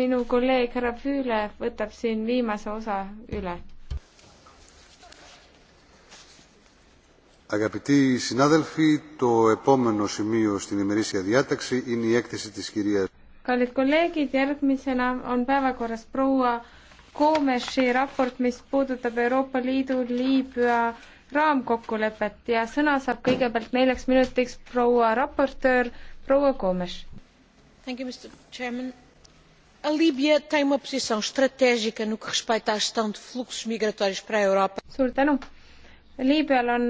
minu kolleeg härra Füüle võtab siin viimase osa üle. Αγαπητοί συνάδελφοι, το επόμενο σημείο στην ημερήσια διάταξη είναι η έκθεση της κυρίας. Kallid kolleegid, järgmisena on päevakorras proua Koomesi raport, mis puudutab Euroopa Liidu Liibüa raamkokkulepet ja sõna saab kõigepealt neljaks minutiks proua raportöör proua Koomes. Thank you, Mr Chairman a líbia tem uma posição estratégica no que respeita à gestão de fluxos migratórios para a Europa. Suur tänu. Liibüal on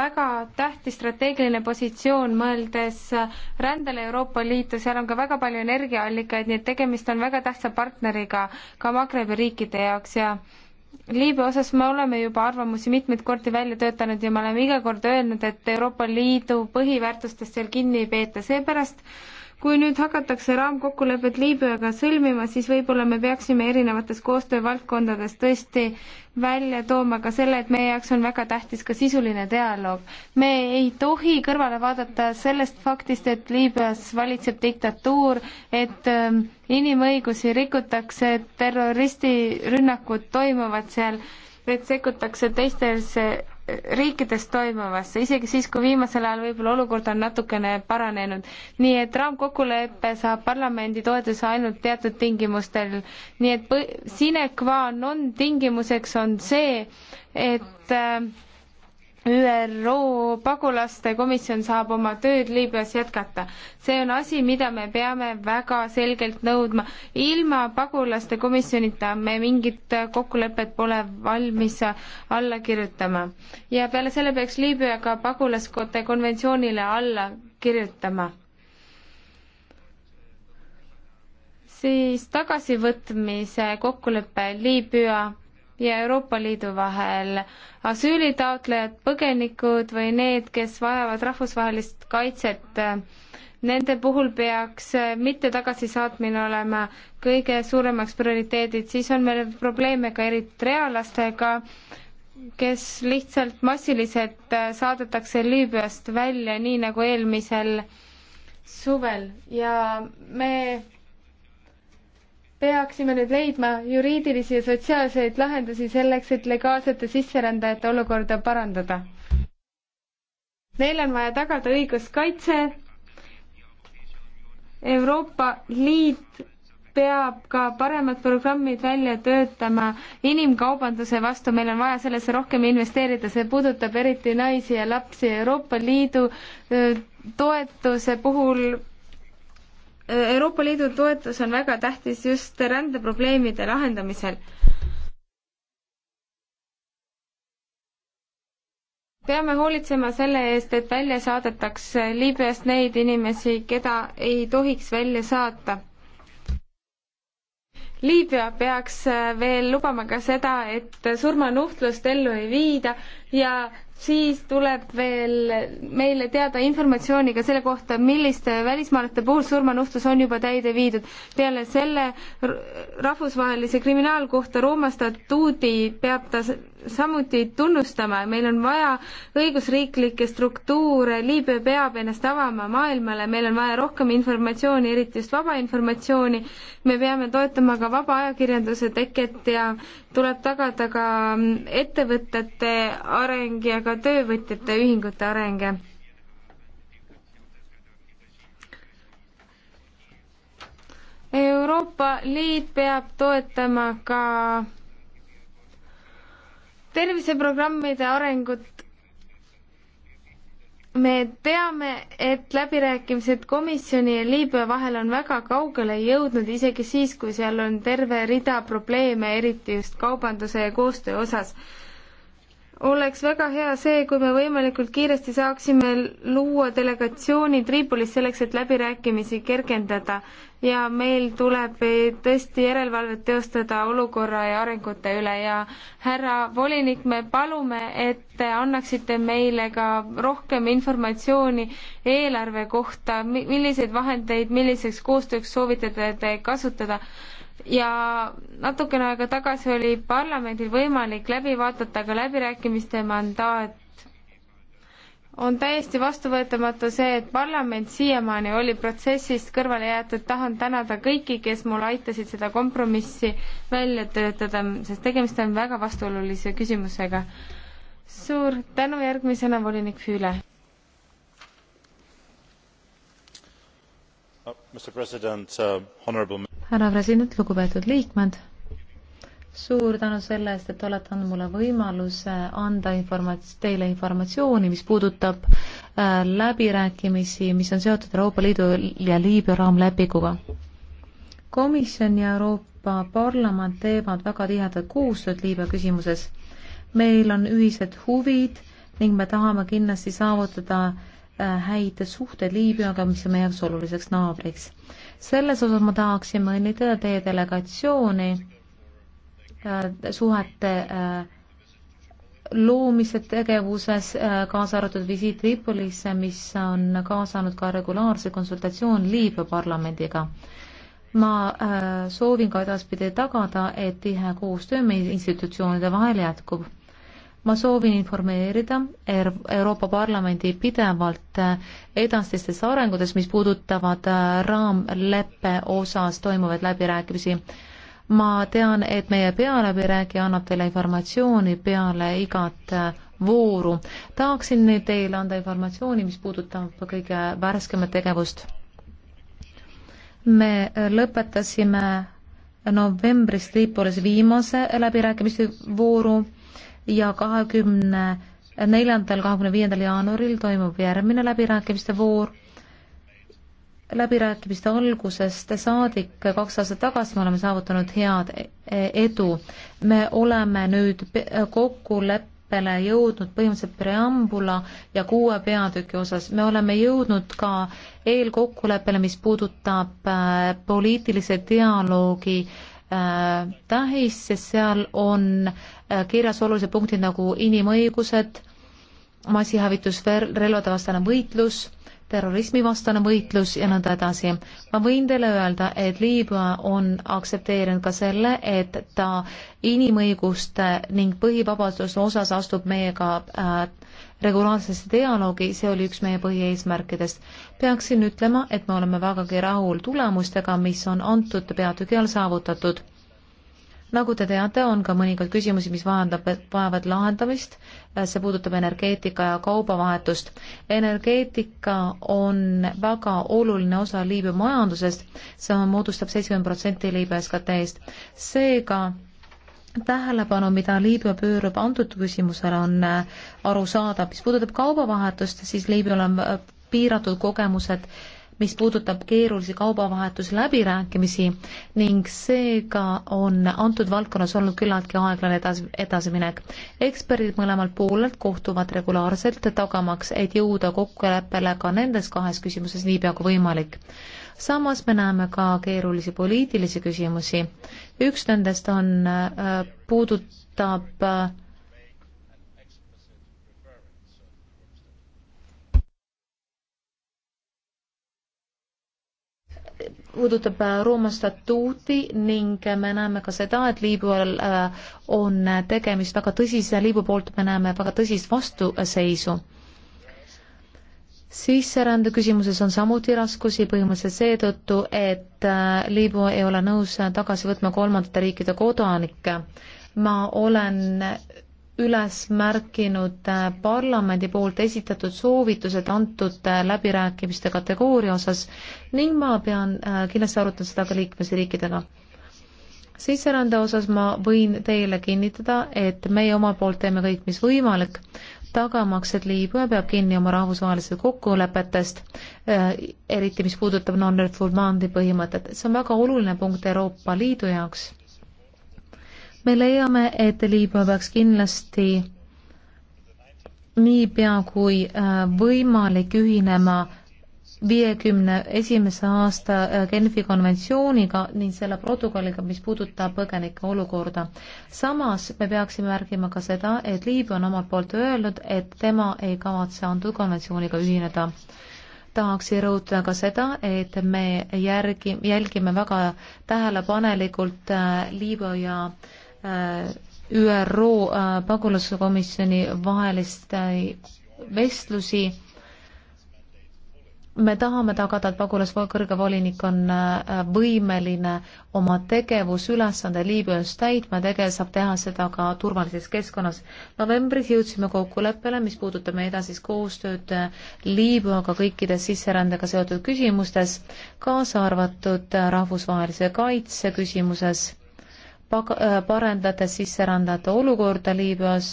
väga tähtis strateegiline positsioon, mõeldes rändele Euroopa Liitu, seal on ka väga palju energiaallikaid, nii et tegemist on väga tähtsa partneriga ka Magrebi riikide jaoks ja Liibüa osas me oleme juba arvamusi mitmeid kordi välja töötanud ja me oleme iga kord öelnud, et Euroopa Liidu põhiväärtustest seal kinni ei peeta, seepärast kui nüüd hakatakse raamkokkulepet Liibüaga sõlmima, siis võib-olla me peaksime erinevates koostöövaldkondades tõesti välja tooma ka selle, et meie jaoks on väga tähtis ka sisuline dialoog. me ei tohi kõrvale vaadata sellest faktist, et Liibüas valitseb diktatuur, et ähm, inimõigusi rikutakse, terroristirünnakud toimuvad seal, et sekkutakse teistesse riikides toimuvasse, isegi siis, kui viimasel ajal võib-olla olukord on natukene paranenud. nii et raamkokkulepe saab parlamendi toetuse ainult teatud tingimustel, nii et sine qua non tingimuseks on see, et äh, ÜRO pagulaste komisjon saab oma tööd Liibüas jätkata. see on asi, mida me peame väga selgelt nõudma. ilma pagulaste komisjonita me mingit kokkulepet pole valmis alla kirjutama. ja peale selle peaks Liibüa ka pagulaskote konventsioonile alla kirjutama. siis tagasivõtmise kokkulepe Liibüa ja Euroopa Liidu vahel. asüülitaotlejad, põgenikud või need, kes vajavad rahvusvahelist kaitset, nende puhul peaks äh, mitte tagasisaatmine olema kõige suuremaks prioriteedid, siis on meil probleeme ka eritrealastega, kes lihtsalt massiliselt äh, saadetakse Liibüast välja, nii nagu eelmisel suvel ja me peaksime nüüd leidma juriidilisi ja sotsiaalseid lahendusi selleks, et legaalsete sisserändajate olukorda parandada. Neil on vaja tagada õiguskaitse. Euroopa Liit peab ka paremad programmid välja töötama inimkaubanduse vastu, meil on vaja sellesse rohkem investeerida, see puudutab eriti naisi ja lapsi. Euroopa Liidu äh, toetuse puhul Euroopa Liidu toetus on väga tähtis just rändeprobleemide lahendamisel. peame hoolitsema selle eest, et välja saadetaks Liibüast neid inimesi, keda ei tohiks välja saata. Liibüa peaks veel lubama ka seda, et surmanuhtlust ellu ei viida ja siis tuleb veel meile teada informatsiooni ka selle kohta, milliste välismaalaste puhul surmanuhtlus on juba täide viidud. peale selle rahvusvahelise kriminaalkohta Rooma statuudi peab ta samuti tunnustama ja meil on vaja õigusriiklikke struktuure, Liibüa peab ennast avama maailmale, meil on vaja rohkem informatsiooni, eriti just vaba informatsiooni, me peame toetama ka vaba ajakirjanduse teket ja tuleb tagada ka ettevõtete areng ja ka töövõtjate ühingute areng. Euroopa Liit peab toetama ka terviseprogrammide arengut me teame, et läbirääkimised komisjoni ja Liibüa vahel on väga kaugele jõudnud, isegi siis, kui seal on terve rida probleeme, eriti just kaubanduse ja koostöö osas. oleks väga hea see, kui me võimalikult kiiresti saaksime luua delegatsiooni Tripolis selleks, et läbirääkimisi kergendada ja meil tuleb tõesti järelevalvet teostada olukorra ja arengute üle ja härra volinik, me palume, et te annaksite meile ka rohkem informatsiooni eelarve kohta, milliseid vahendeid, milliseks koostööks soovitate te kasutada ja natukene aega tagasi oli parlamendil võimalik läbi vaadata ka läbirääkimiste mandaat on täiesti vastuvõetamatu see, et parlament siiamaani oli protsessist kõrvale jäetud, tahan tänada kõiki, kes mul aitasid seda kompromissi välja töötada, sest tegemist on väga vastuolulise küsimusega. suur tänu, järgmisena volinik Füüle. Oh, uh, härra president, lugupeetud liikmed suur tänu selle eest, et olete andnud mulle võimaluse anda informats-, teile informatsiooni, mis puudutab äh, läbirääkimisi, mis on seotud Euroopa Liidu ja Liibüa raamlepinguga. komisjon ja Euroopa Parlament teevad väga tihedat koostööd Liibüa küsimuses. meil on ühised huvid ning me tahame kindlasti saavutada äh, häid suhteid Liibüaga, mis on meie jaoks oluliseks naabriks. selles osas ma tahaksin õnnitleda teie delegatsiooni Äh, suhete äh, loomise tegevuses, äh, kaasa arvatud visiit Tripolisse, mis on kaasanud ka regulaarse konsultatsioon Liibüa parlamendiga. ma soovin ka edaspidi tagada, et tihe koostöö meie institutsioonide vahel jätkub ma soovin informeerida er-, Euroopa Parlamendi pidevalt edasistes arengutes, mis puudutavad raamleppe osas toimuvaid läbirääkimisi ma tean, et meie pealäbirääkija annab teile informatsiooni peale igat äh, vooru. tahaksin nüüd teile anda informatsiooni, mis puudutab kõige värskemat tegevust. me äh, lõpetasime novembris Tripolis viimase läbirääkimiste vooru ja kahekümne neljandal, kahekümne viiendal jaanuaril toimub järgmine läbirääkimiste voor läbirääkimiste algusest saadik kaks aastat tagasi me oleme saavutanud head e-, e-, edu. me oleme nüüd kokkuleppele jõudnud põhimõtteliselt preambula ja kuue peatüki osas. me oleme jõudnud ka eelkokkuleppele, mis puudutab äh, poliitilise dialoogi äh, tähis, sest seal on äh, kirjas olulised punktid nagu inimõigused, massihävitusrelvade vastane võitlus terrorismivastane võitlus ja nõnda edasi. ma võin teile öelda, et Liibüa on aktsepteerinud ka selle, et ta inimõiguste ning põhivabaduste osas astub meiega äh, regulaarsesse dialoogi, see oli üks meie põhieesmärkidest. peaksin ütlema, et me oleme vägagi rahul tulemustega, mis on antud peatüki all saavutatud nagu te teate, on ka mõningaid küsimusi, mis vahendab, vajavad lahendamist, see puudutab energeetika ja kaubavahetust. energeetika on väga oluline osa Liibüa majandusest, see moodustab seitsekümmend protsenti Liibüa SKT-st, seega tähelepanu, mida Liibüa pöörab antud küsimusele, on äh, arusaadav. mis puudutab kaubavahetust, siis Liibüal on äh, piiratud kogemused äh, mis puudutab keerulisi kaubavahetusläbirääkimisi ning seega on antud valdkonnas olnud küllaltki aeglane edasi, edasiminek. eksperdid mõlemalt poolelt kohtuvad regulaarselt, tagamaks, et jõuda kokkuleppele ka nendes kahes küsimuses niipea kui võimalik samas me näeme ka keerulisi poliitilisi küsimusi. üks nendest on äh,, puudutab äh, puudutab äh, Rooma statuuti ning me näeme ka seda, et Liibüal äh, on tegemist väga tõsise, Liibüa poolt me näeme väga tõsist vastuseisu. sisserände küsimuses on samuti raskusi põhimõtteliselt seetõttu, et äh, Liibüa ei ole nõus tagasi võtma kolmandate riikide kodanikke. ma olen üles märkinud äh, parlamendi poolt esitatud soovitused antud äh, läbirääkimiste kategooria osas ning ma pean äh, kindlasti arutama seda ka liikmesriikidega. sisserände osas ma võin teile kinnitada, et meie omalt poolt teeme kõik, mis võimalik, tagamaks, et Liibüa peab kinni oma rahvusvahelistest kokkulepetest, eriti mis puudutab non-refoulement'i põhimõtet. see on väga oluline punkt Euroopa Liidu jaoks me leiame, et Liibüa peaks kindlasti niipea kui äh, võimalik ühinema viiekümne esimese aasta äh, Genfi konventsiooniga ning selle protokolliga, mis puudutab põgenike olukorda. samas me peaksime märkima ka seda, et Liibüa on omalt poolt öelnud, et tema ei kavatse antud konventsiooniga ühineda. tahaksin rõhutada ka seda, et me järgi, jälgime väga tähelepanelikult äh, Liibüa ja äh, Äh, ÜRO äh, pagulaskomisjoni vahelist äh, vestlusi me tahame tagada, et pagulaskõrge volinik on võimeline oma tegevusülesande Liibüas täitma, tegelikult saab teha seda ka turvalises keskkonnas. novembris jõudsime kokkuleppele, mis puudutab meie edasist koostööd Liibüaga kõikides sisserändega seotud küsimustes, kaasa arvatud rahvusvahelise kaitse küsimuses Äh, parendades sisserändajate olukorda Liibüas,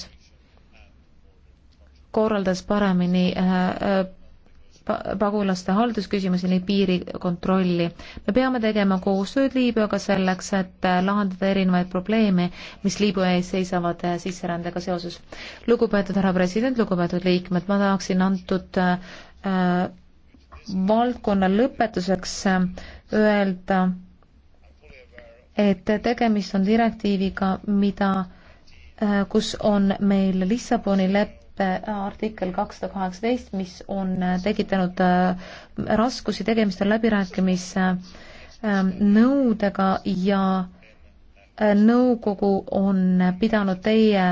korraldas paremini äh, äh, pagulaste haldusküsimusi ning piirikontrolli. me peame tegema koostööd Liibüaga selleks, et lahendada erinevaid probleeme, mis Liibüa ees seisavad sisserändega seoses. lugupeetud härra president, lugupeetud liikmed, ma tahaksin antud äh, valdkonna lõpetuseks öelda äh, et tegemist on direktiiviga, mida, äh, kus on meil Lissaboni leppe artikkel kakssada kaheksateist, mis on äh, tekitanud äh, raskusi, tegemist on läbirääkimise nõudega ja nõukogu on pidanud teie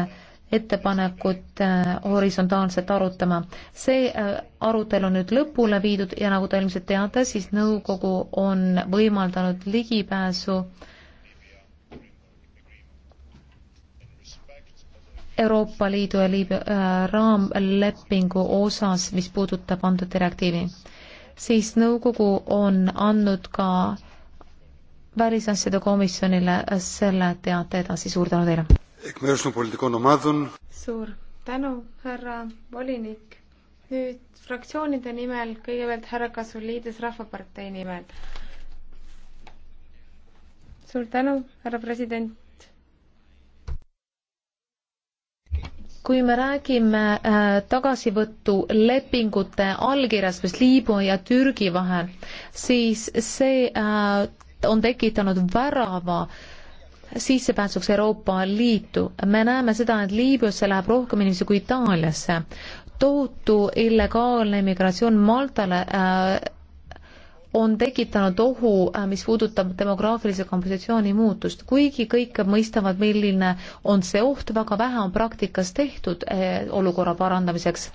ettepanekut horisontaalselt arutama. see arutelu nüüd lõpule viidud ja nagu te ilmselt teate, siis nõukogu on võimaldanud ligipääsu äh, Euroopa Liidu ja Liibüa äh, raamlepingu osas, mis puudutab antud direktiivi, siis nõukogu on andnud ka välisasjade komisjonile selle teate edasi, suur tänu teile! suur tänu, härra volinik! nüüd fraktsioonide nimel, kõigepealt härra Kasuliides Rahvapartei nimel. suur tänu, härra president! kui me räägime äh, tagasivõtulepingute allkirjast, mis Liibüa ja Türgi vahel, siis see äh, on tekitanud värava sissepääsuks Euroopa Liitu. me näeme seda, et Liibüasse läheb rohkem inimesi kui Itaaliasse. tohutu illegaalne immigratsioon Maltale äh, on tekitanud ohu, äh, mis puudutab demograafilise kompositsiooni muutust. kuigi kõik mõistavad, milline on see oht, väga vähe on praktikas tehtud äh, olukorra parandamiseks.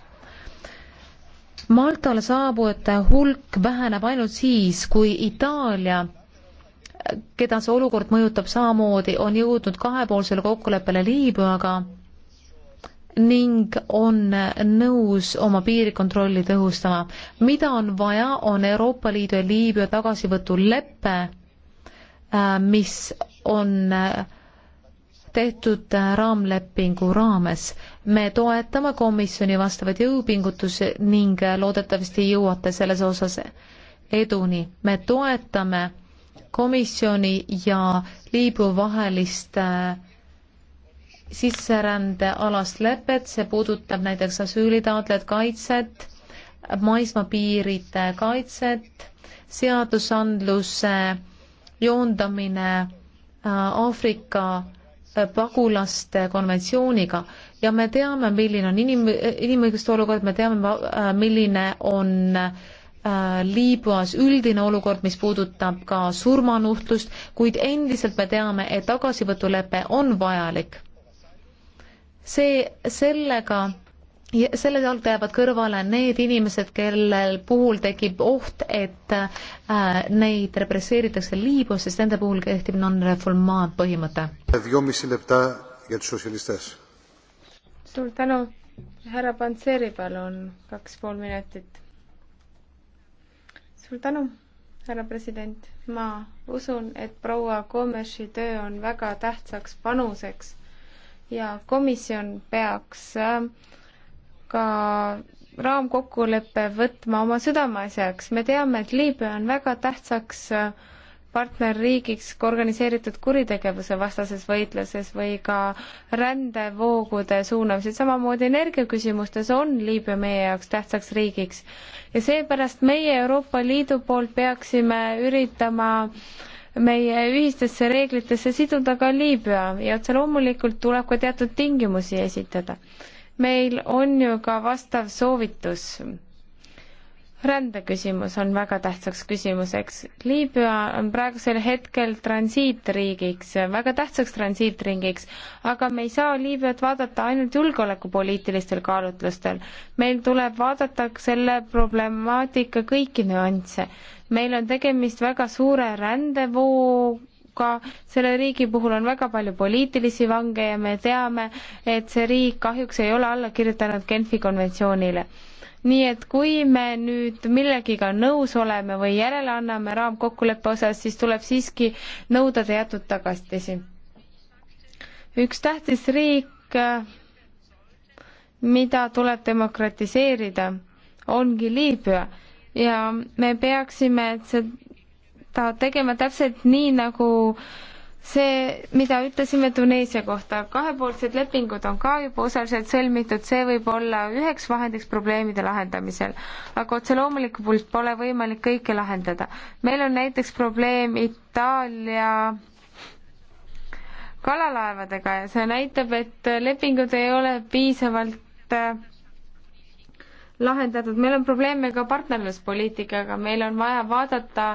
Maltale saabujate hulk väheneb ainult siis, kui Itaalia äh, keda see olukord mõjutab samamoodi, on jõudnud kahepoolsele kokkuleppele Liibüaga ning on nõus oma piirikontrolli tõhustama. mida on vaja, on Euroopa Liidu ja Liibüa tagasivõtulepe, äh, mis on äh, tehtud äh, raamlepingu raames. me toetame komisjoni vastavaid jõupingutusi ning loodetavasti jõuate selles osas eduni. me toetame komisjoni ja Liibüa vahelist äh, sisserändealast lepet, see puudutab näiteks asüülitaotlejad kaitset, maismaapiiride kaitset, seadusandluse joondamine äh, Aafrika äh, pagulaste konventsiooniga ja me teame, milline on inim-, inimõiguste olukord, me teame, äh, milline on Liibüas üldine olukord, mis puudutab ka surmanuhtlust, kuid endiselt me teame, et tagasivõtulepe on vajalik see, sellega ja selle alt jäävad kõrvale need inimesed, kellel puhul tekib oht, et äh, neid represseeritakse Liibüas, sest nende puhul kehtib non-reformaat põhimõte. suur tänu, härra Pantseri, palun kaks pool minutit. suur tänu, härra president, ma usun, et proua Komeši töö on väga tähtsaks panuseks ja komisjon peaks äh, ka raamkokkuleppe võtma oma südameasjaks. me teame, et Liibüa on väga tähtsaks äh, partnerriigiks ka organiseeritud kuritegevuse vastases võitluses või ka rändevoogude suunamisel, samamoodi energiaküsimustes on Liibüa meie jaoks tähtsaks riigiks. ja seepärast meie Euroopa Liidu poolt peaksime üritama äh, meie ühistesse reeglitesse siduda ka Liibüa ja otse loomulikult tuleb ka teatud tingimusi esitada. meil on ju ka vastav soovitus. rändeküsimus on väga tähtsaks küsimuseks. Liibüa on praegusel hetkel transiitriigiks, väga tähtsaks transiitringiks, aga me ei saa Liibüat vaadata ainult julgeolekupoliitilistel kaalutlustel. meil tuleb vaadata selle problemaatika kõiki nüansse meil on tegemist väga suure rändevooga, selle riigi puhul on väga palju poliitilisi vange ja me teame, et see riik kahjuks ei ole alla kirjutanud Genfi konventsioonile nii et kui me nüüd millegiga nõus oleme või järele anname raamkokkuleppe osas, siis tuleb siiski nõuda teatud tagasitisi. üks tähtis riik, mida tuleb demokratiseerida, ongi Liibüa ja me peaksime seda tegema täpselt nii, nagu see, mida ütlesime Tuneesia kohta, kahepoolsed lepingud on ka juba osaliselt sõlmitud, see võib olla üheks vahendiks probleemide lahendamisel. aga otse loomulikult pole võimalik kõike lahendada. meil on näiteks probleem Itaalia kalalaevadega ja see näitab, et lepingud ei ole piisavalt äh, lahendatud, meil on probleeme ka partnerluspoliitikaga, meil on vaja vaadata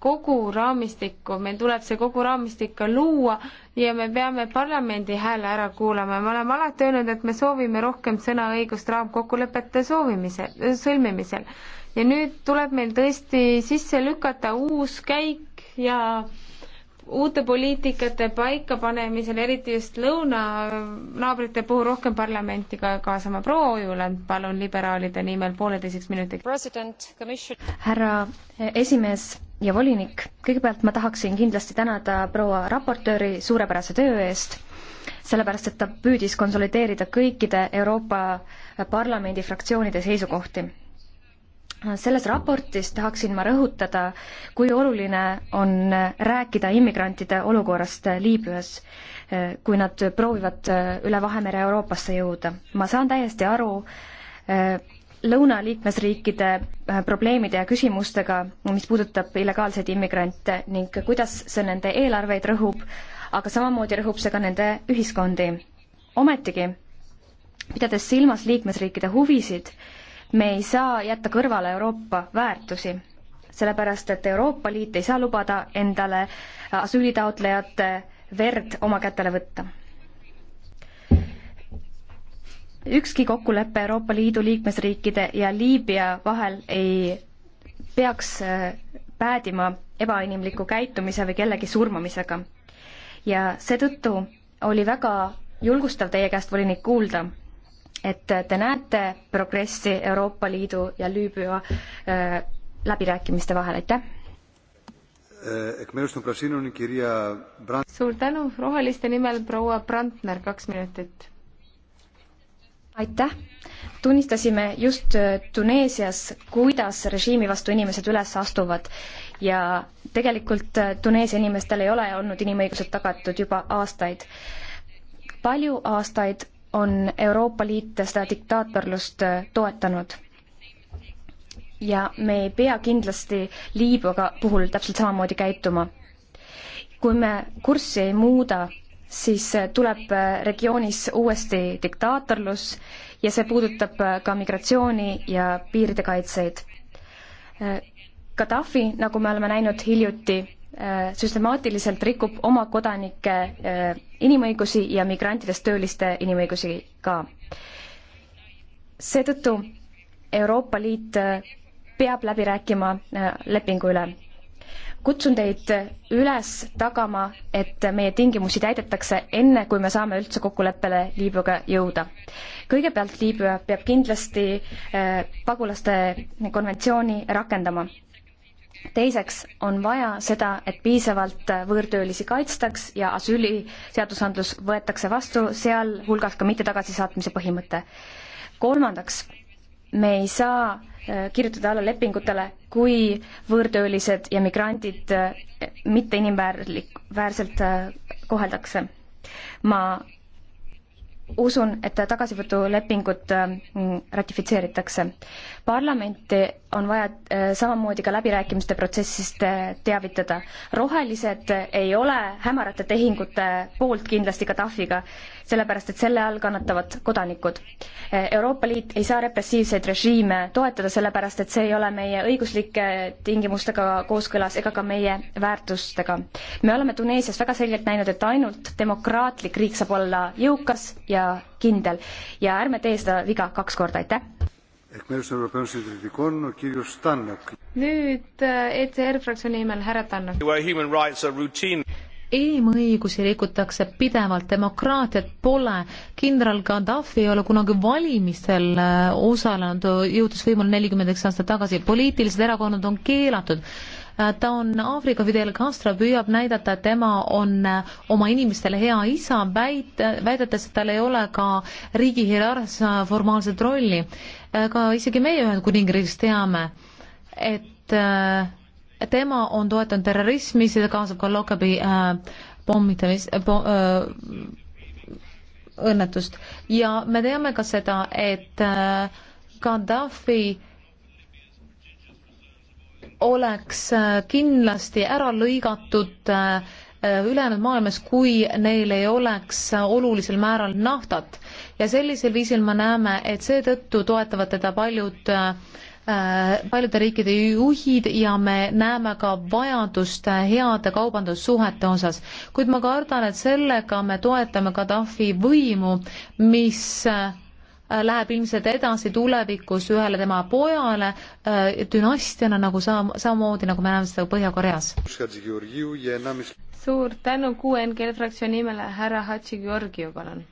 kogu raamistikku, meil tuleb see kogu raamistik ka luua ja me peame parlamendi hääle ära kuulama ja me oleme alati öelnud, et me soovime rohkem sõnaõigust raamkokkulepete soovimise, sõlmimisel. ja nüüd tuleb meil tõesti sisse lükata uus käik ja uute poliitikate paikapanemisel, eriti just lõunanaabrite puhul, rohkem parlamenti ka kaasama. proua Ojuland, palun liberaalide nimel pooleteiseks minutiks. härra esimees ja volinik, kõigepealt ma tahaksin kindlasti tänada proua raportööri suurepärase töö eest, sellepärast et ta püüdis konsolideerida kõikide Euroopa Parlamendi fraktsioonide seisukohti selles raportis tahaksin ma rõhutada, kui oluline on rääkida immigrantide olukorrast Liibüas, kui nad proovivad üle Vahemere Euroopasse jõuda. ma saan täiesti aru eh, lõunaliikmesriikide eh, probleemide ja küsimustega, mis puudutab illegaalseid immigrante ning kuidas see nende eelarveid rõhub, aga samamoodi rõhub see ka nende ühiskondi. ometigi, pidades silmas liikmesriikide huvisid, me ei saa jätta kõrvale Euroopa väärtusi, sellepärast et Euroopa Liit ei saa lubada endale asüülitaotlejate verd oma kätele võtta ükski kokkulepe Euroopa Liidu liikmesriikide ja Liibüa vahel ei peaks äh, päädima ebainimliku käitumise või kellegi surmamisega. ja seetõttu oli väga julgustav teie käest, volinik, kuulda, et te näete progressi Euroopa Liidu ja Lüübia äh, läbirääkimiste vahel, aitäh! Eh, suur tänu, roheliste nimel proua Brandner, kaks minutit. aitäh! tunnistasime just äh, Tuneesias, kuidas režiimi vastu inimesed üles astuvad ja tegelikult äh, Tuneesia inimestel ei ole olnud inimõigused tagatud juba aastaid. palju aastaid on Euroopa Liit seda diktaatorlust äh, toetanud. ja me ei pea kindlasti Liibüaga puhul täpselt samamoodi käituma. kui me kurssi ei muuda, siis äh, tuleb äh, regioonis uuesti diktaatorlus ja see puudutab ka migratsiooni ja piiride kaitseid. Gaddafi, nagu me oleme näinud hiljuti, Äh, süstemaatiliselt rikub oma kodanike äh, inimõigusi ja migrantidest tööliste inimõigusi ka. seetõttu Euroopa Liit äh, peab läbi rääkima lepingu üle. kutsun teid üles tagama, et meie tingimusi täidetakse enne, kui me saame üldse kokkuleppele Liibüaga jõuda. kõigepealt Liibüa peab kindlasti pagulaste konventsiooni rakendama teiseks on vaja seda, et piisavalt võõrtöölisi kaitstaks ja asüüliseadusandlus võetakse vastu, sealhulgas ka mitte tagasisaatmise põhimõte. kolmandaks, me ei saa äh, kirjutada alla lepingutele, kui võõrtöölised ja migrandid äh, mitte inimväärlik, väärselt äh, koheldakse. ma usun, et tagasivõtulepingut ratifitseeritakse. parlamenti on vaja äh, samamoodi ka läbirääkimiste protsessist äh, teavitada. rohelised ei ole hämarate tehingute poolt kindlasti Gaddafiga, sellepärast et selle all kannatavad kodanikud. Äh, Euroopa Liit ei saa repressiivseid režiime toetada, sellepärast et see ei ole meie õiguslike tingimustega kooskõlas ega ka meie väärtustega. me oleme Tuneesias väga selgelt näinud, et ainult demokraatlik riik saab olla jõukas ja kindel ja ärme tee seda viga kaks korda, aitäh! nüüd äh, ECR fraktsiooni nimel härra Tannak. inimõigusi rikutakse pidevalt, demokraatiat pole. kindral Gaddafi ei ole kunagi valimistel äh, osalenud, jõudis võimule nelikümmend üks aastat tagasi, poliitilised erakonnad on keelatud Äh, ta on Aafrika Fidel Castro, püüab näidata, et tema on äh, oma inimestele hea isa, väit-, väidetes, et tal ei ole ka riigi hierarhias äh, formaalset rolli. ka isegi meie Ühendkuningriigis teame, et tema on toetanud terrorismi, seda kaasab ka Lockerbie äh, pommitamist äh, po, äh, õnnetust ja me teame ka seda, et äh, Gaddafi äh, oleks äh, kindlasti ära lõigatud äh, ülejäänud maailmas, kui neil ei oleks äh, olulisel määral naftat. ja sellisel viisil me näeme, et seetõttu toetavad teda paljud paljude riikide juhid ja me näeme ka vajadust heade kaubandussuhete osas. kuid ma kardan, et sellega me toetame Gaddafi võimu, mis äh, läheb ilmselt edasi tulevikus ühele tema pojale äh, dünastiana, nagu sam-, samamoodi nagu me näeme seda Põhja-Koreas. suur tänu QNG fraktsiooni nimele, härra Hatsi Georgiu, palun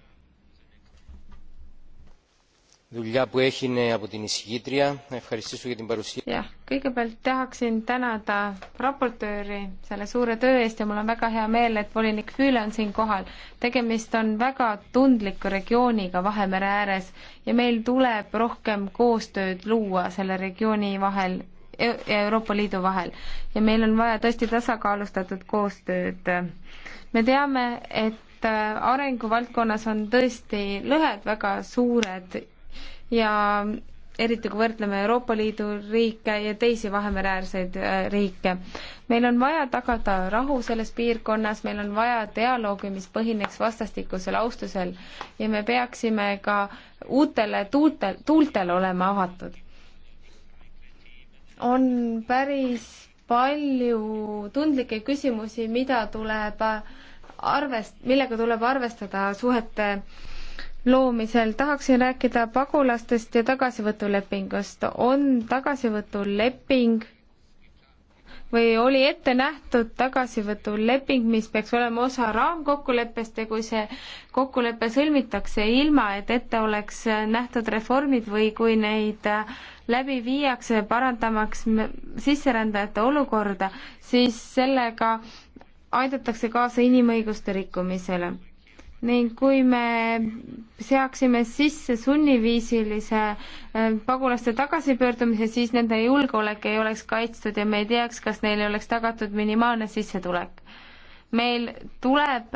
δουλειά που έγινε από την εισηγήτρια. Να ευχαριστήσω για την παρουσία. Jah, kõigepealt tahaksin tänada raportööri selle suure töö eest ja mul on väga hea meel, et volinik Füüle on siin kohal. tegemist on väga tundliku regiooniga Vahemere ääres ja meil tuleb rohkem koostööd luua selle regiooni vahel ja e-, Euroopa Liidu vahel ja meil on vaja tõesti tasakaalustatud koostööd. me teame, et äh, arenguvaldkonnas on tõesti lõhed väga suured ja eriti kui võrdleme Euroopa Liidu riike ja teisi Vahemereäärseid äh, riike. meil on vaja tagada rahu selles piirkonnas, meil on vaja dialoogi, mis põhineks vastastikusel austusel ja me peaksime ka uutele tuultel, tuultel olema avatud. on päris palju tundlikke küsimusi, mida tuleb arvest-, millega tuleb arvestada suhete äh, loomisel tahaksin rääkida pagulastest ja tagasivõtulepingust. on tagasivõtuleping või oli ette nähtud tagasivõtuleping, mis peaks olema osa raamkokkuleppest ja kui see kokkulepe sõlmitakse ilma, et ette oleks nähtud reformid või kui neid läbi viiakse, parandamaks sisserändajate olukorda, siis sellega aidatakse kaasa inimõiguste rikkumisele ning kui me seaksime sisse sunniviisilise äh, pagulaste tagasipöördumise, siis nende julgeolek ei oleks kaitstud ja me ei teaks, kas neile oleks tagatud minimaalne sissetulek. meil tuleb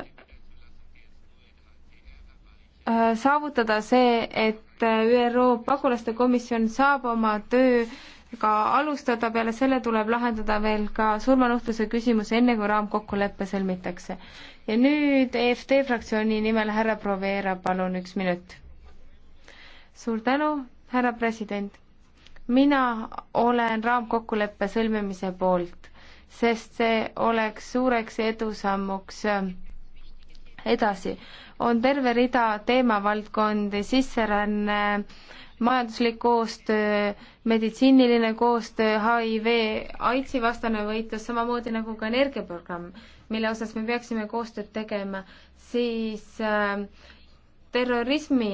äh, saavutada see, et äh, ÜRO pagulaste komisjon saab oma töö ka alustada, peale selle tuleb lahendada veel ka surmanuhtluse küsimus, enne kui raamkokkulepe sõlmitakse. ja nüüd EFT fraktsiooni nimel härra Provera, palun üks minut. suur tänu, härra president. mina olen raamkokkuleppe sõlmimise poolt, sest see oleks suureks edusammuks äh, edasi. on terve rida teemavaldkondi, sisseränne äh,, majanduslik koostöö, meditsiiniline koostöö, HIV, AIDSi vastane võitlus, samamoodi nagu ka energiaprogramm, mille osas me peaksime koostööd tegema, siis äh, terrorismi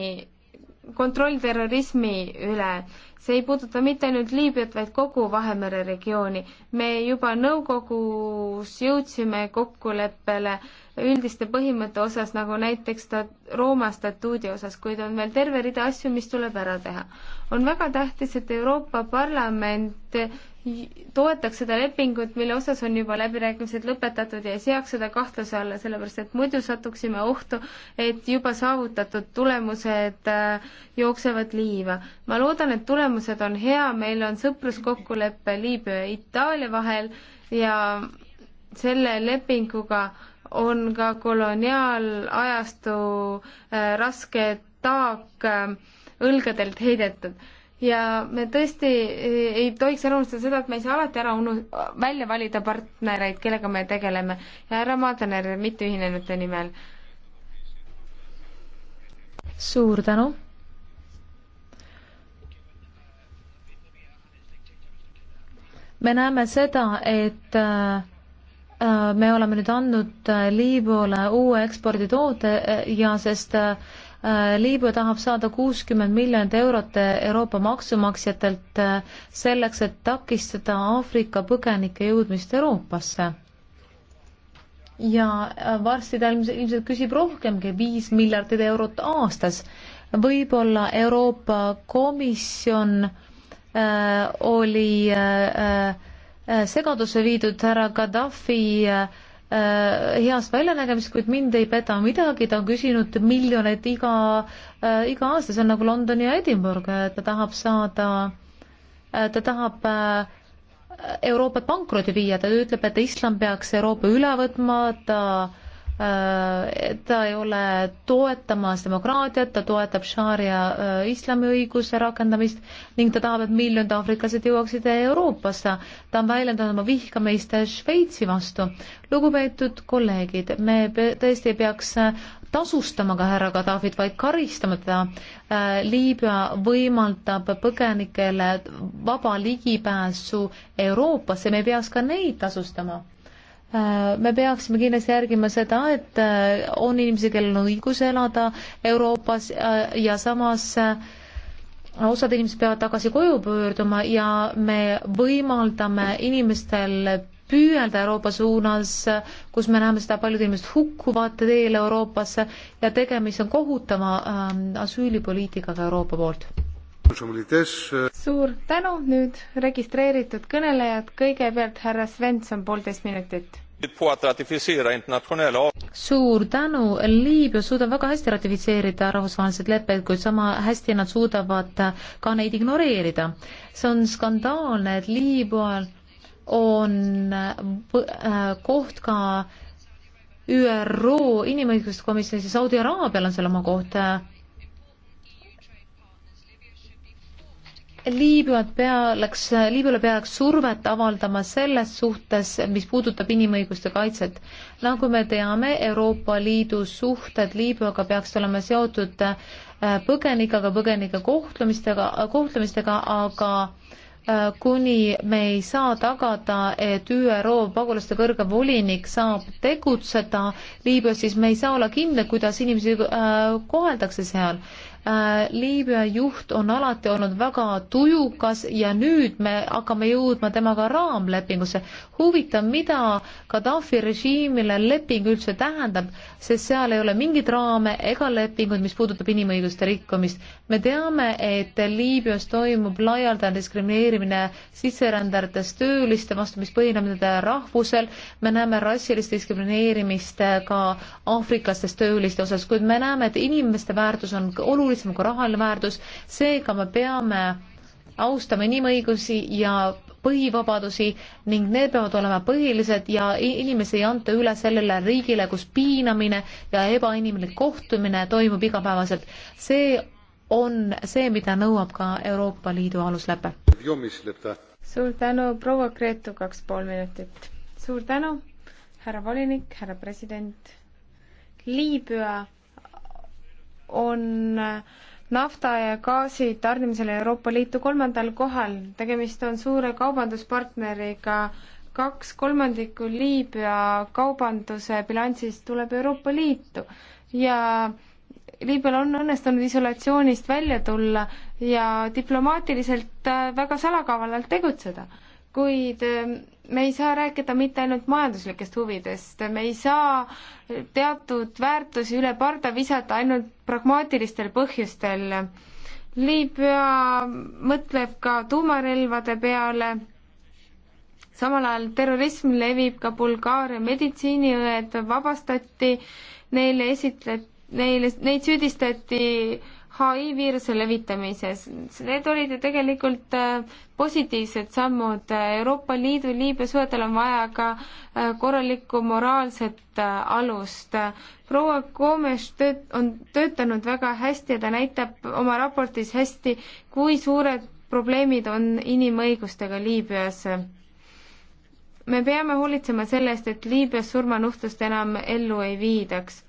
kontroll terrorismi üle. see ei puuduta mitte ainult Liibüat, vaid kogu Vahemere regiooni. me juba nõukogus jõudsime kokkuleppele üldiste põhimõtte osas, nagu näiteks ta Rooma statuudi osas, kuid on veel terve rida asju, mis tuleb ära teha on väga tähtis, et Euroopa Parlament toetaks seda lepingut, mille osas on juba läbirääkimised lõpetatud ja ei seaks seda kahtluse alla, sellepärast et muidu satuksime ohtu, et juba saavutatud tulemused äh, jooksevad liiva. ma loodan, et tulemused on hea, meil on sõpruskokkulepe Liibüa ja Itaalia vahel ja selle lepinguga on ka koloniaalajastu äh, raske taak äh, õlgadelt heidetud. ja me tõesti e, ei tohiks ära unustada seda, et me ei saa alati ära unu-, välja valida partnereid, kellega me tegeleme. ja härra Maadlener mitteühinenute nimel. suur tänu me näeme seda, et äh, äh, me oleme nüüd andnud äh, Liibule uue eksporditoote ja sest Äh, Liibüa tahab saada kuuskümmend miljonit eurot Euroopa maksumaksjatelt äh, selleks, et takistada Aafrika põgenike jõudmist Euroopasse. ja äh, varsti ta ilmselt küsib rohkemgi, viis miljardit eurot aastas. võib-olla Euroopa Komisjon äh, oli äh, segadusse viidud härra Gaddafi äh, Äh, heast väljanägemist, kuid mind ei peta midagi, ta on küsinud miljoneid iga, äh, iga aasta, see on nagu London ja Edinburgh, ta tahab saada, äh, ta tahab Euroopat pankrotti viia, ta ütleb, et Islam peaks Euroopa üle võtma, ta äh, ta ei ole toetamas demokraatiat, ta toetab šaaria äh, islamiõiguse rakendamist ning ta tahab, et miljonid aafriklased jõuaksid Euroopasse. ta on väljendanud oma vihkamist Šveitsi vastu. lugupeetud kolleegid, me tõesti ei peaks äh, tasustama ka härra Gaddafit, vaid karistama teda. Äh, Liibüa võimaldab põgenikele vaba ligipääsu Euroopasse, me ei peaks ka neid tasustama Äh, me peaksime kindlasti järgima seda, et äh, on inimesi, kellel on õigus elada Euroopas äh, ja samas osad inimesed peavad tagasi koju pöörduma ja me võimaldame inimestel püüelda Euroopa suunas, kus me näeme seda, paljud inimesed hukkuvad teel Euroopasse ja tegemist on kohutava ähm, asüülipoliitikaga Euroopa poolt Äh, suur tänu, nüüd registreeritud kõnelejad, kõigepealt härra Svensson, poolteist minutit suur tänu, Liibüa suudab väga hästi ratifitseerida rahvusvahelised lepped, kuid sama hästi nad suudavad ka neid ignoreerida. see on skandaalne, et Liibüal on äh, koht ka ÜRO inimõiguste komisjonis ja Saudi Araabial on seal oma koht Liibüat peaks, Liibüale peaks survet avaldama selles suhtes, mis puudutab inimõiguste kaitset. nagu me teame, Euroopa Liidu suhted Liibüaga peaksid olema seotud äh, põgenikega, põgenike kohtlemistega, kohtlemistega, aga äh, kuni me ei saa tagada, et ÜRO pagulaste kõrge volinik saab tegutseda Liibüas, siis me ei saa olla kindlad, kuidas inimesi äh, koheldakse seal Äh, Liibüa juht on alati olnud väga tujukas ja nüüd me hakkame jõudma temaga raamlepingusse. huvitav, mida Gaddafi režiimile leping üldse tähendab, sest seal ei ole mingeid raame ega lepinguid, mis puudutab inimõiguste rikkumist. me teame, et Liibüas toimub laialdane diskrimineerimine sisserändajatest tööliste vastu, mis põhineb nende rahvusel. me näeme rassilist diskrimineerimist ka aafriklastest tööliste osas, kuid me näeme, et inimeste väärtus on oluliselt olulisem kui rahaline väärtus, seega me peame austama inimõigusi ja põhivabadusi ning need peavad olema põhilised ja inimesi ei anta üle sellele riigile, kus piinamine ja ebainimlik kohtumine toimub igapäevaselt. see on see, mida nõuab ka Euroopa Liidu aluslepe. suur tänu, proua Gretu, kaks pool minutit. suur tänu, härra volinik, härra president. Liibüa on nafta ja gaasi tarnimisel Euroopa Liitu kolmandal kohal. tegemist on suure kaubanduspartneriga, kaks kolmandikku Liibüa kaubanduse bilansist tuleb Euroopa Liitu ja Liibüal on õnnestunud isolatsioonist välja tulla ja diplomaatiliselt äh, väga salakavalalt tegutseda, kuid äh, me ei saa rääkida mitte ainult majanduslikest huvidest, me ei saa teatud väärtusi üle parda visata ainult pragmaatilistel põhjustel. Liibüa mõtleb ka tuumarelvade peale, samal ajal terrorism levib ka Bulgaaria meditsiiniõed vabastati, neile esitlet-, neile, neid süüdistati äh, HI viiruse levitamises. Need olid ju tegelikult äh, positiivsed sammud. Euroopa Liidu Liibüa suhetel on vaja ka äh, korralikku moraalset äh, alust. proua Gomes tööt-, on töötanud väga hästi ja ta näitab oma raportis hästi, kui suured probleemid on inimõigustega Liibüas. me peame hoolitsema selle eest, et Liibüas surmanuhtlust enam ellu ei viidaks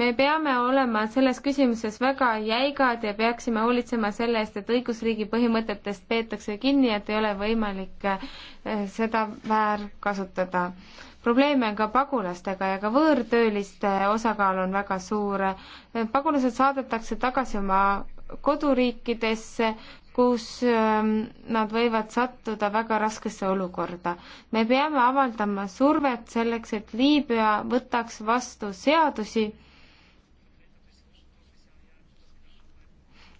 me peame olema selles küsimuses väga jäigad ja peaksime hoolitsema selle eest, et õigusriigi põhimõtetest peetakse kinni, et ei ole võimalik eh, seda väärkasutada. probleeme on ka pagulastega ja ka võõrtööliste osakaal on väga suur. Eh, pagulased saadetakse tagasi oma koduriikidesse, kus ehm, nad võivad sattuda väga raskesse olukorda. me peame avaldama survet selleks, et Liibüa võtaks vastu seadusi,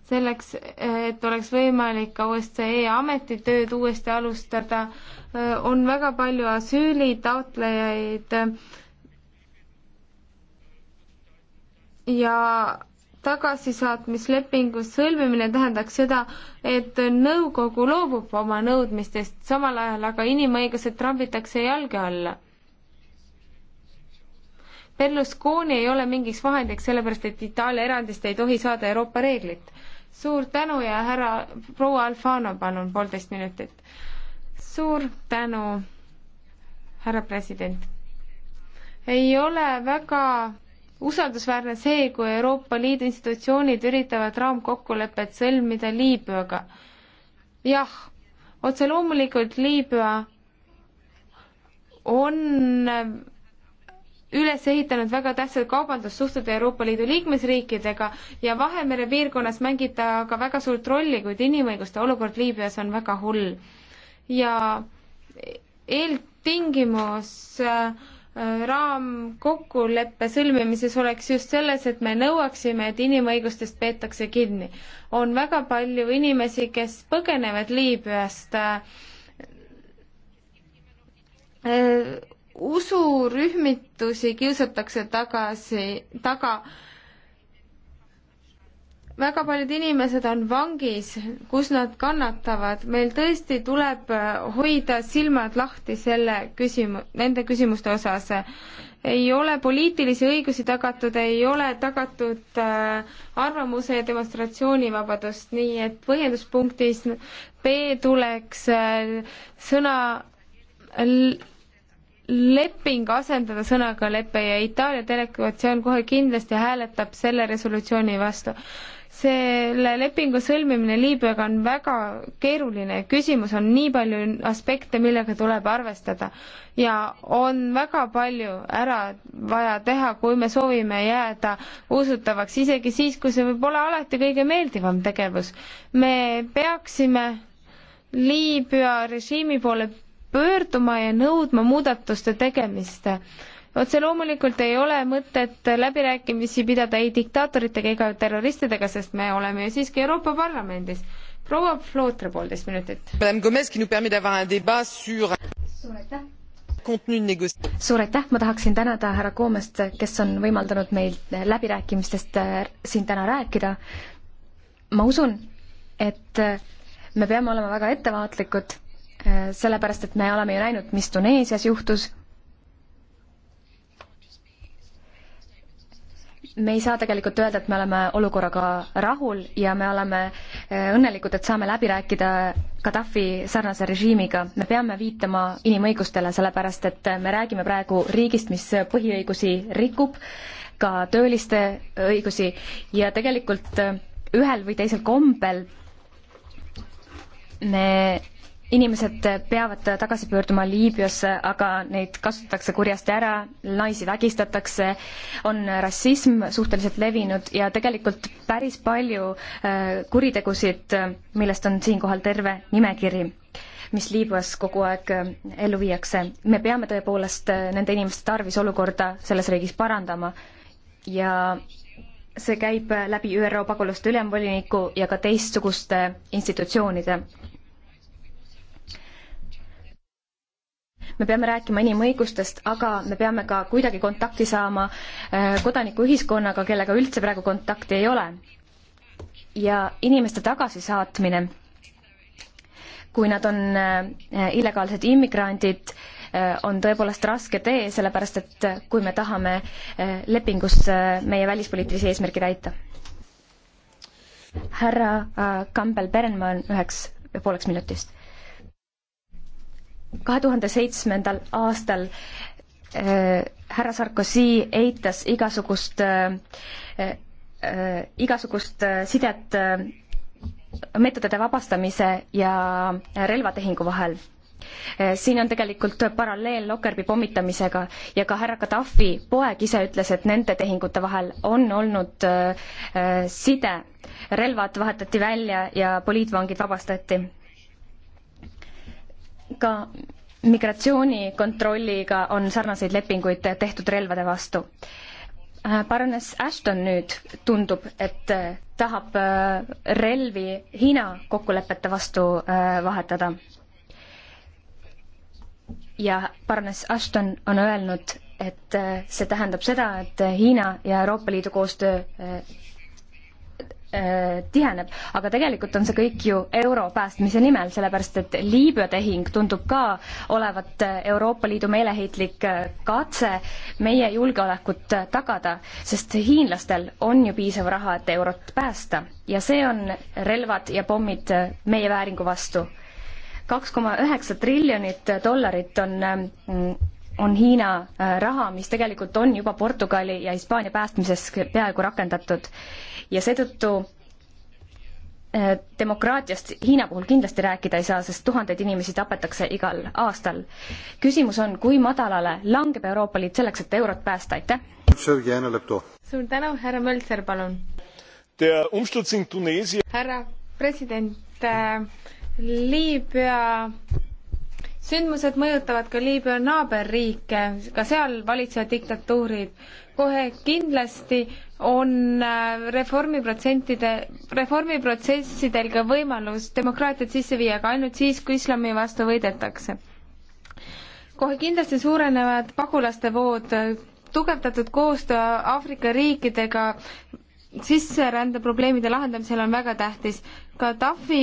selleks, et oleks võimalik ka OSCE ametitööd uuesti alustada, on väga palju asüülitaotlejaid ja tagasisaatmislepingu sõlmimine tähendaks seda, et nõukogu loobub oma nõudmistest, samal ajal aga inimõigused trambitakse jalge alla Berlusconi ei ole mingiks vahendiks, sellepärast et Itaalia erandist ei tohi saada Euroopa reeglit suur tänu ja härra proua Alfano, palun poolteist minutit. suur tänu, härra president. ei ole väga usaldusväärne see, kui Euroopa Liidu institutsioonid üritavad raamkokkulepet sõlmida Liibüaga. jah, otse loomulikult Liibüa on üles ehitanud väga tähtsad kaubandussuhted Euroopa Liidu liikmesriikidega ja Vahemere piirkonnas mängib ta ka väga suurt rolli, kuid inimõiguste olukord Liibüas on väga hull. ja eeltingimus äh, raamkokkuleppe sõlmimises oleks just selles, et me nõuaksime, et inimõigustest peetakse kinni. on väga palju inimesi, kes põgenevad Liibüast äh, usurühmitusi kiusatakse tagasi, taga. väga paljud inimesed on vangis, kus nad kannatavad, meil tõesti tuleb hoida silmad lahti selle küsimu-, nende küsimuste osas. ei ole poliitilisi õigusi tagatud, ei ole tagatud äh, arvamuse ja demonstratsioonivabadust, nii et põhjenduspunktis B tuleks äh, sõna leping asendada sõnaga lepe ja Itaalia delegatsioon kohe kindlasti hääletab selle resolutsiooni vastu. selle lepingu sõlmimine Liibüaga on väga keeruline, küsimus on nii palju aspekte, millega tuleb arvestada ja on väga palju ära vaja teha, kui me soovime jääda usutavaks, isegi siis, kui see võib olla alati kõige meeldivam tegevus. me peaksime Liibüa režiimi poole pöörduma ja nõudma muudatuste tegemist. otse loomulikult ei ole mõtet läbirääkimisi pidada ei diktaatoritega ega terroristidega, sest me oleme ju siiski Euroopa Parlamendis. proua Flootre, poolteist minutit. suur aitäh suur aitäh, ma tahaksin tänada härra Koomest, kes on võimaldanud meil läbirääkimistest äh, siin täna rääkida. ma usun, et äh, me peame olema väga ettevaatlikud Äh, sellepärast et me oleme ju näinud, mis Tuneesias juhtus. me ei saa tegelikult öelda, et me oleme olukorraga rahul ja me oleme äh, õnnelikud, et saame läbi rääkida Gaddafi sarnase režiimiga. me peame viitama inimõigustele, sellepärast et äh, me räägime praegu riigist, mis põhiõigusi rikub, ka tööliste õigusi ja tegelikult ühel või teisel kombel me inimesed peavad tagasi pöörduma Liibüasse, aga neid kasutatakse kurjasti ära, naisi vägistatakse, on rassism suhteliselt levinud ja tegelikult päris palju äh, kuritegusid, millest on siinkohal terve nimekiri, mis Liibüas kogu aeg äh, ellu viiakse. me peame tõepoolest äh, nende inimeste tarvis olukorda selles riigis parandama ja see käib läbi ÜRO pagulaste ülemvoliniku ja ka teistsuguste institutsioonide me peame rääkima inimõigustest, aga me peame ka kuidagi kontakti saama äh, kodanikuühiskonnaga, kellega üldse praegu kontakti ei ole. ja inimeste tagasisaatmine, kui nad on äh, illegaalsed immigrandid, äh, on tõepoolest raske tee, sellepärast et kui me tahame lepingus meie välispoliitilisi eesmärke täita. härra Campbell-Perenmaa on üheks pooleks minutist kahe tuhande seitsmendal aastal äh, härra Sarkozy eitas igasugust äh,, äh, igasugust äh, sidet äh, meetodite vabastamise ja relvatehingu vahel äh,. siin on tegelikult paralleel Lockerbi pommitamisega ja ka härra Gaddafi poeg ise ütles, et nende tehingute vahel on olnud äh, äh side. relvad vahetati välja ja poliitvangid vabastati ka migratsioonikontrolliga on sarnaseid lepinguid tehtud relvade vastu. Baroness Ashton nüüd tundub, et tahab äh, relvi Hiina kokkulepete vastu äh, vahetada. ja baroness Ashton on öelnud, et äh, see tähendab seda, et Hiina ja Euroopa Liidu koostöö Äh, tiheneb, aga tegelikult on see kõik ju euro päästmise nimel, sellepärast et Liibüa tehing tundub ka olevat äh, Euroopa Liidu meeleheitlik äh, katse meie julgeolekut tagada, sest hiinlastel on ju piisav raha, et eurot päästa ja see on relvad ja pommid meie vääringu vastu. kaks koma üheksa triljonit dollarit on ähm, on Hiina raha, mis tegelikult on juba Portugali ja Hispaania päästmises peaaegu rakendatud ja seetõttu äh, demokraatiast Hiina puhul kindlasti rääkida ei saa, sest tuhandeid inimesi tapetakse igal aastal. küsimus on, kui madalale langeb Euroopa Liit selleks, et eurot päästa, aitäh! suur tänu, härra Mölzer, palun! härra president äh,, Liibüa sündmused mõjutavad ka Liibüa naaberriike, ka seal valitsevad diktatuurid kohe kindlasti on äh, reformiprotsentide, reformiprotsessidel ka võimalus demokraatiat sisse viia, aga ainult siis, kui islami vastu võidetakse. kohe kindlasti suurenevad pagulaste vood, tugevdatud koostöö Aafrika riikidega sisserände probleemide lahendamisel on väga tähtis. Gaddafi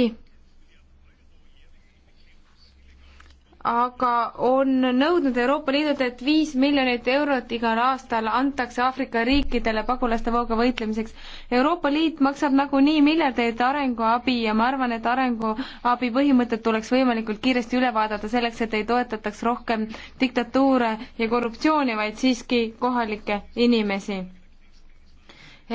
aga on nõudnud Euroopa Liidult, et viis miljonit eurot igal aastal antakse Aafrika riikidele pagulaste vooga võitlemiseks. Euroopa Liit maksab nagunii miljardeid arenguabi ja ma arvan, et arenguabi põhimõtted tuleks võimalikult kiiresti üle vaadata selleks, et ei toetataks rohkem diktatuure ja korruptsiooni, vaid siiski kohalikke inimesi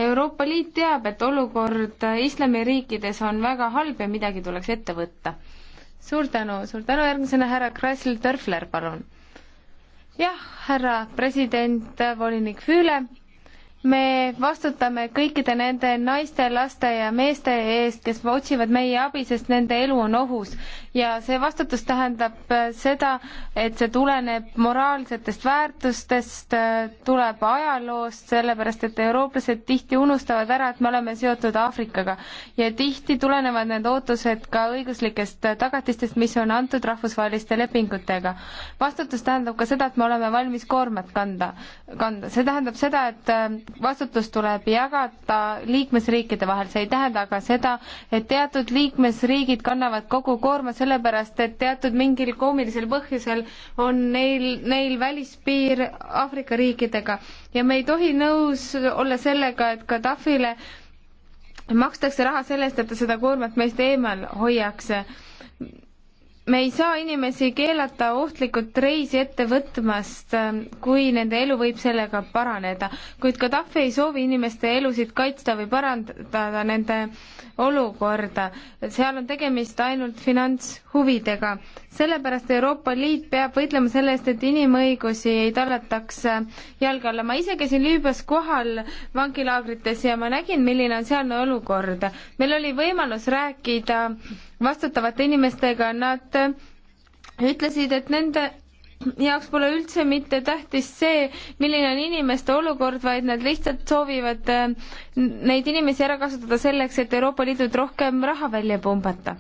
Euroopa Liit teab, et olukord islamiriikides on väga halb ja midagi tuleks ette võtta suur tänu, suur tänu, järgmisena härra Krasl-Dörfler, palun. jah, härra president, volinik Füüle me vastutame kõikide nende naiste, laste ja meeste eest, kes otsivad meie abi, sest nende elu on ohus. ja see vastutus tähendab äh, seda, et see tuleneb moraalsetest väärtustest, äh, tuleb ajaloost, sellepärast et eurooplased tihti unustavad ära, et me oleme seotud Aafrikaga. ja tihti tulenevad need ootused ka õiguslikest äh, tagatistest, mis on antud rahvusvaheliste lepingutega. vastutus tähendab ka seda, et me oleme valmis koormat kanda, kanda. see tähendab seda, et vastutus tuleb jagada liikmesriikide vahel, see ei tähenda aga seda, et teatud liikmesriigid kannavad kogu koorma sellepärast, et teatud mingil koomilisel põhjusel on neil, neil välispiir Aafrika riikidega ja me ei tohi nõus olla sellega, et Gaddafile makstakse raha selle eest, et ta seda koormat meist eemal hoiaks me ei saa inimesi keelata ohtlikult reisi ette võtmast, ähm, kui nende elu võib sellega paraneda, kuid Gaddafi ei soovi inimeste elusid kaitsta või parandada nende olukorda. seal on tegemist ainult finantshuvidega. sellepärast Euroopa Liit peab võitlema selle eest, et inimõigusi ei tallataks ähm, jalge alla. ma ise käisin Liibüas kohal vangilaagrites ja ma nägin, milline on sealne olukord. meil oli võimalus rääkida vastutavate inimestega, nad ütlesid, et nende jaoks pole üldse mitte tähtis see, milline on inimeste olukord, vaid nad lihtsalt soovivad äh, neid inimesi ära kasutada selleks, et Euroopa Liidult rohkem raha välja pumbata.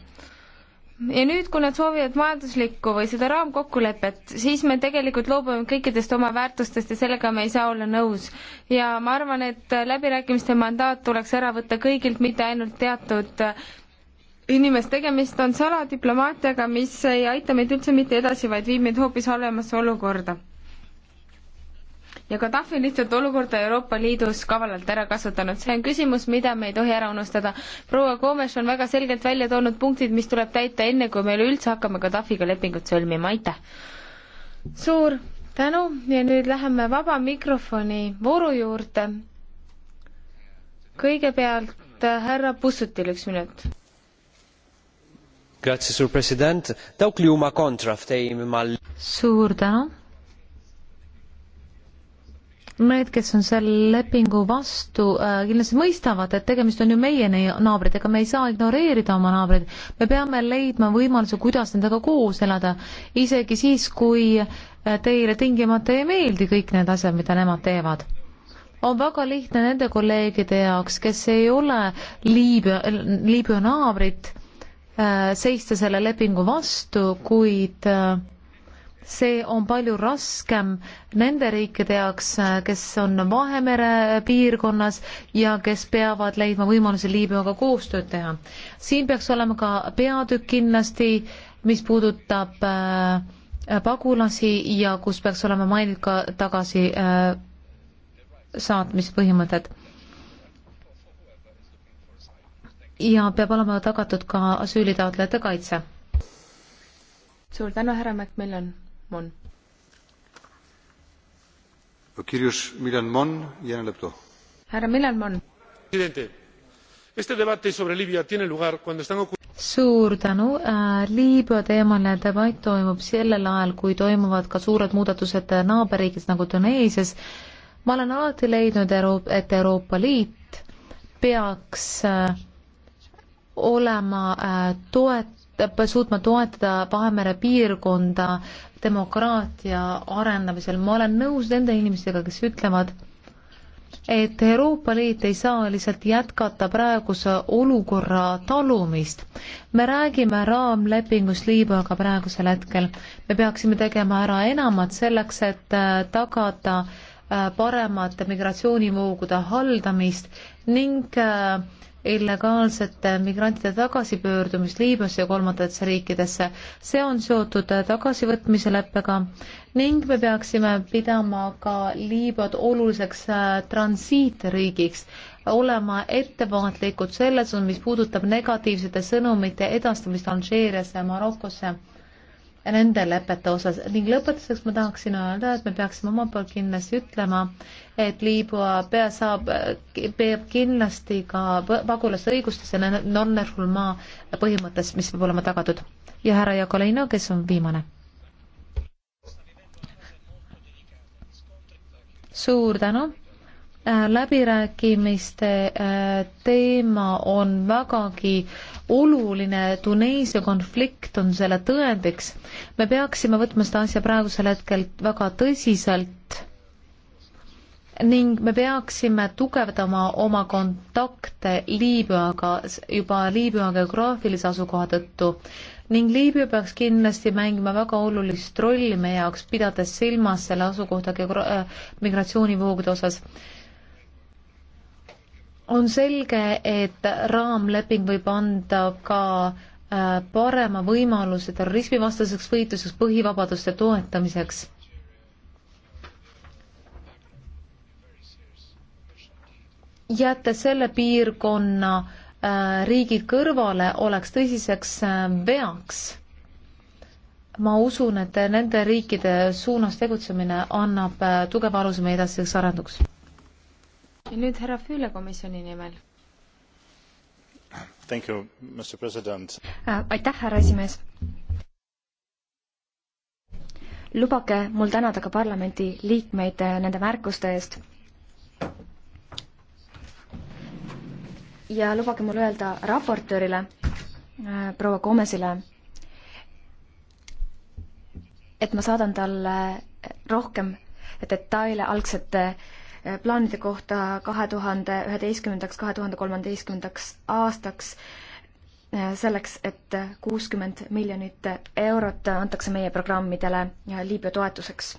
ja nüüd, kui nad soovivad majanduslikku või seda raamkokkulepet, siis me tegelikult loobume kõikidest oma väärtustest ja sellega me ei saa olla nõus. ja ma arvan, et läbirääkimiste mandaat tuleks ära võtta kõigilt, mitte ainult teatud inimest, tegemist on saladiplomaatiaga, mis ei aita meid üldse mitte edasi, vaid viib meid hoopis halvemasse olukorda. ja Gaddafi on lihtsalt olukorda Euroopa Liidus kavalalt ära kasutanud, see on küsimus, mida me ei tohi ära unustada. proua Gomes on väga selgelt välja toonud punktid, mis tuleb täita enne, kui me üleüldse hakkame Gaddafiga lepingut sõlmima, aitäh! suur tänu ja nüüd läheme vaba mikrofoni vooru juurde. kõigepealt äh, härra Pussutil üks minut Grazzi, Sur President. Dawk li huma kontra ftehim mal. Suur tänu. Need, kes on selle lepingu vastu äh,, kindlasti mõistavad, et tegemist on ju meie naabritega, me ei saa ignoreerida oma naabreid. me peame leidma võimaluse, kuidas nendega koos elada, isegi siis, kui äh, teile tingimata ei meeldi kõik need asjad, mida nemad teevad on väga lihtne nende kolleegide jaoks, kes ei ole Liibüa, Liibüa naabrid, Äh, seista selle lepingu vastu, kuid äh, see on palju raskem nende riikide jaoks, äh, kes on Vahemere piirkonnas ja kes peavad leidma võimaluse Liibüaga koostööd teha. siin peaks olema ka peatükk kindlasti, mis puudutab pagulasi ja kus peaks olema mainitud ka tagasi saatmispõhimõtted ja peab olema tagatud ka asüülitaotlejate kaitse. suur tänu, härra Macmillan, Mon. kirjus Millan Mon, jään lõppu. härra Millan Mon. Este debate sobre Libia tiene lugar cuando están suur tänu äh,, Liibüa teemaline debatt toimub sellel ajal, kui toimuvad ka suured muudatused naaberriikides nagu Tuneesias. ma olen alati leidnud, et Euroopa Liit peaks äh, olema äh, toet-, suutma toetada Vahemere piirkonda demokraatia arendamisel. ma olen nõus nende inimestega, kes ütlevad, et Euroopa Liit ei saa lihtsalt jätkata praeguse olukorra talumist. me räägime raamlepingust Liibüaga praegusel hetkel. me peaksime tegema ära enamat selleks, et äh, tagada äh, paremat migratsioonivoogude haldamist ning äh, illegaalsete migrantide tagasipöördumist Liibüasse ja kolmandatesse riikidesse. see on seotud tagasivõtmise leppega ning me peaksime pidama ka Liibüat oluliseks äh, transiitriigiks, olema ettevaatlikud selles, mis puudutab negatiivsete sõnumite edastamist Alžeeriasse ja Marokosse nende lepete osas ning lõpetuseks ma tahaksin öelda, et me peaksime omalt poolt kindlasti ütlema, et Liibüa pea saab, peab kindlasti ka pagulaste õigustesse non-refulmaa põhimõttes, mis peab olema tagatud. ja härra Jakolino, kes on viimane. suur tänu Äh, läbirääkimiste äh, teema on vägagi oluline, Tuneesia konflikt on selle tõendiks. me peaksime võtma seda asja praegusel hetkel väga tõsiselt ning me peaksime tugevdama oma kontakte Liibüaga juba Liibüa geograafilise asukoha tõttu ning Liibüa peaks kindlasti mängima väga olulist rolli meie jaoks, pidades silmas selle asukohta äh, migratsioonivoogude osas on selge, et raamleping võib anda ka äh, parema võimaluse terrorismivastaseks võitluseks, põhivabaduste toetamiseks. jättes selle piirkonna äh, riigid kõrvale, oleks tõsiseks äh, veaks. ma usun, et nende riikide suunas tegutsemine annab tugeva aluse meie edasiseks arenguks ja nüüd härra Füüle komisjoni nimel. Äh, aitäh, härra esimees. lubage mul tänada ka parlamendi liikmeid äh, nende märkuste eest ja lubage mul öelda raportöörile, äh, proua Komesile, et ma saadan talle rohkem detaile algsete äh, Eh, plaanide kohta kahe tuhande üheteistkümnendaks, kahe tuhande kolmeteistkümnendaks aastaks eh, selleks, et kuuskümmend miljonit eurot antakse meie programmidele eh, Liibüa toetuseks.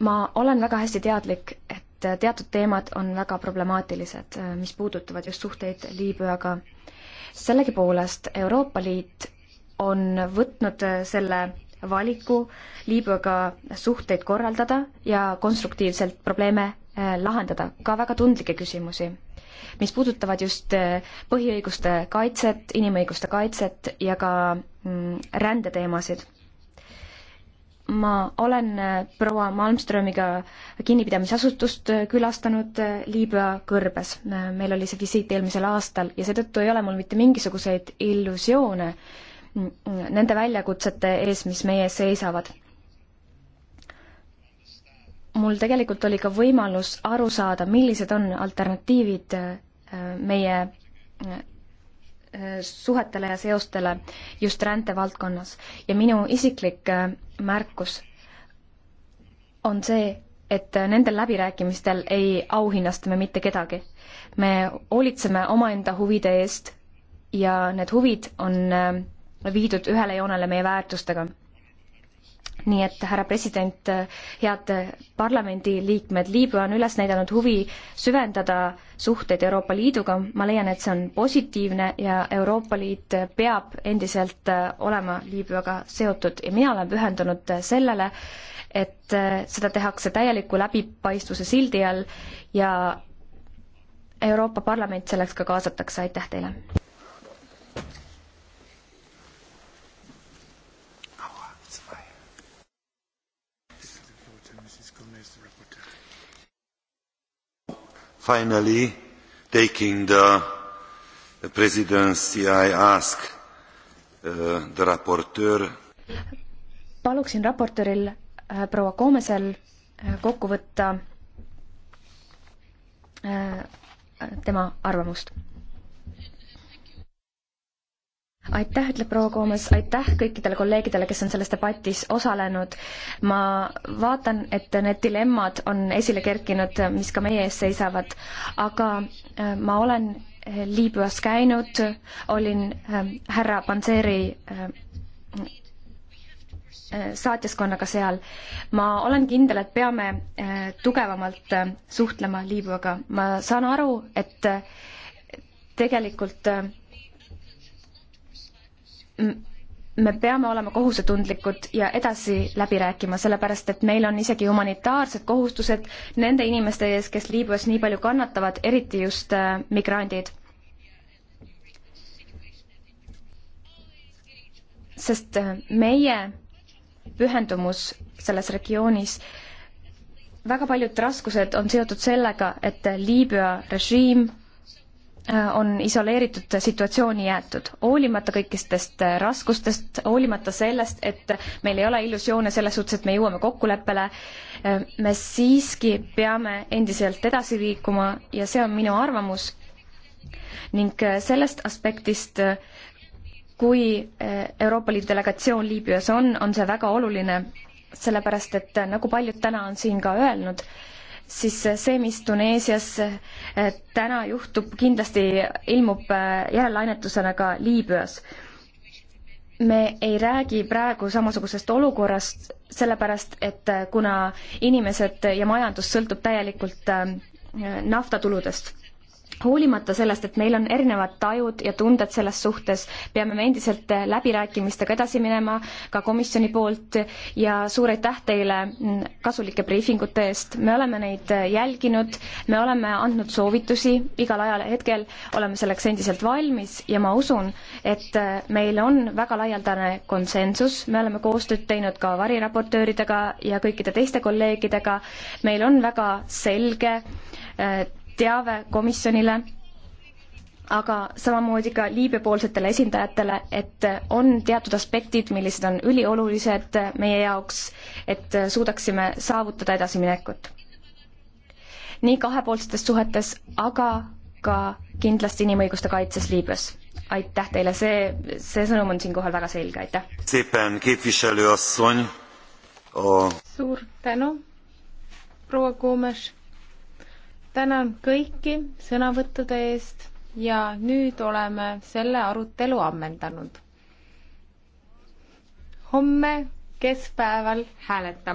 ma olen väga hästi teadlik, et teatud teemad on väga problemaatilised, mis puudutavad just suhteid Liibüaga. sellegipoolest Euroopa Liit on võtnud selle valiku Liibüaga suhteid korraldada ja konstruktiivselt probleeme äh, lahendada, ka väga tundlikke küsimusi, mis puudutavad just äh, põhiõiguste kaitset, inimõiguste kaitset ja ka mm, rändeteemasid. ma olen äh, proua Malmströmiga kinnipidamisasutust külastanud Liibüa kõrbes. meil oli see visiit eelmisel aastal ja seetõttu ei ole mul mitte mingisuguseid illusioone nende väljakutsete ees, mis meie ees seisavad. mul tegelikult oli ka võimalus aru saada, millised on alternatiivid äh, meie äh, suhetele ja seostele just rändevaldkonnas. ja minu isiklik äh, märkus on see, et nendel läbirääkimistel ei auhinnasta me mitte kedagi. me hoolitseme omaenda huvide eest ja need huvid on viidud ühele joonele meie väärtustega. nii et härra president, head parlamendiliikmed, Liibüa on üles näidanud huvi süvendada suhteid Euroopa Liiduga, ma leian, et see on positiivne ja Euroopa Liit peab endiselt olema Liibüaga seotud ja mina olen pühendunud sellele, et seda tehakse täieliku läbipaistvuse sildi all ja Euroopa Parlament selleks ka kaasatakse, aitäh teile! finally taking the presidency i ask uh, the rapporteur paluksin raportööril äh, proua Koomesel äh, kokku võtta äh, tema arvamust aitäh, ütleb proua Koomas, aitäh kõikidele kolleegidele, kes on selles debatis osalenud. ma vaatan, et need dilemmad on esile kerkinud, mis ka meie ees seisavad, aga äh, ma olen äh, Liibüas käinud, olin äh, härra Panseri saatjaskonnaga seal. ma olen kindel, et peame tugevamalt suhtlema Liibüaga. ma saan aru, et tegelikult me peame olema kohusetundlikud ja edasi läbi rääkima, sellepärast et meil on isegi humanitaarsed kohustused nende inimeste ees, kes Liibüas nii palju kannatavad, eriti just äh, migrandid. sest äh, meie pühendumus selles regioonis väga paljud raskused on seotud sellega, et Liibüa režiim Äh, on isoleeritud situatsiooni jäetud, hoolimata kõikidest äh, raskustest, hoolimata sellest, et meil ei ole illusioone selles suhtes, et me jõuame kokkuleppele, äh, me siiski peame endiselt edasi liikuma ja see on minu arvamus. ning sellest aspektist, kui Euroopa Liidu delegatsioon Liibüas on, on see väga oluline, sellepärast et nagu paljud täna on siin ka öelnud, siis see, mis Tuneesias eh, täna juhtub, kindlasti ilmub eh, järelainetusena ka Liibüas. me ei räägi praegu samasugusest olukorrast, sellepärast et eh, kuna inimesed ja majandus sõltub täielikult naftatuludest hoolimata sellest, et meil on erinevad tajud ja tunded selles suhtes, peame me endiselt eh, läbirääkimistega edasi minema ka komisjoni poolt ja suur aitäh teile mm, kasulike briifingute eest, me oleme neid eh, jälginud, me oleme andnud soovitusi igal ajal hetkel, oleme selleks endiselt valmis ja ma usun, et eh, meil on väga laialdane konsensus, me oleme koostööd teinud ka variraportööridega ja kõikide teiste kolleegidega, meil on väga selge teave komisjonile, aga samamoodi ka Liibüa poolsetele esindajatele, et on teatud aspektid, millised on üliolulised meie jaoks, et suudaksime saavutada edasiminekut. nii kahepoolsetes suhetes, aga ka kindlasti inimõiguste kaitses Liibüas. aitäh teile, see, see sõnum on siinkohal väga selge, aitäh. suur tänu, proua Kuumes tänan kõiki sõnavõttude eest ja nüüd oleme selle arutelu ammendanud. homme keskpäeval hääletame.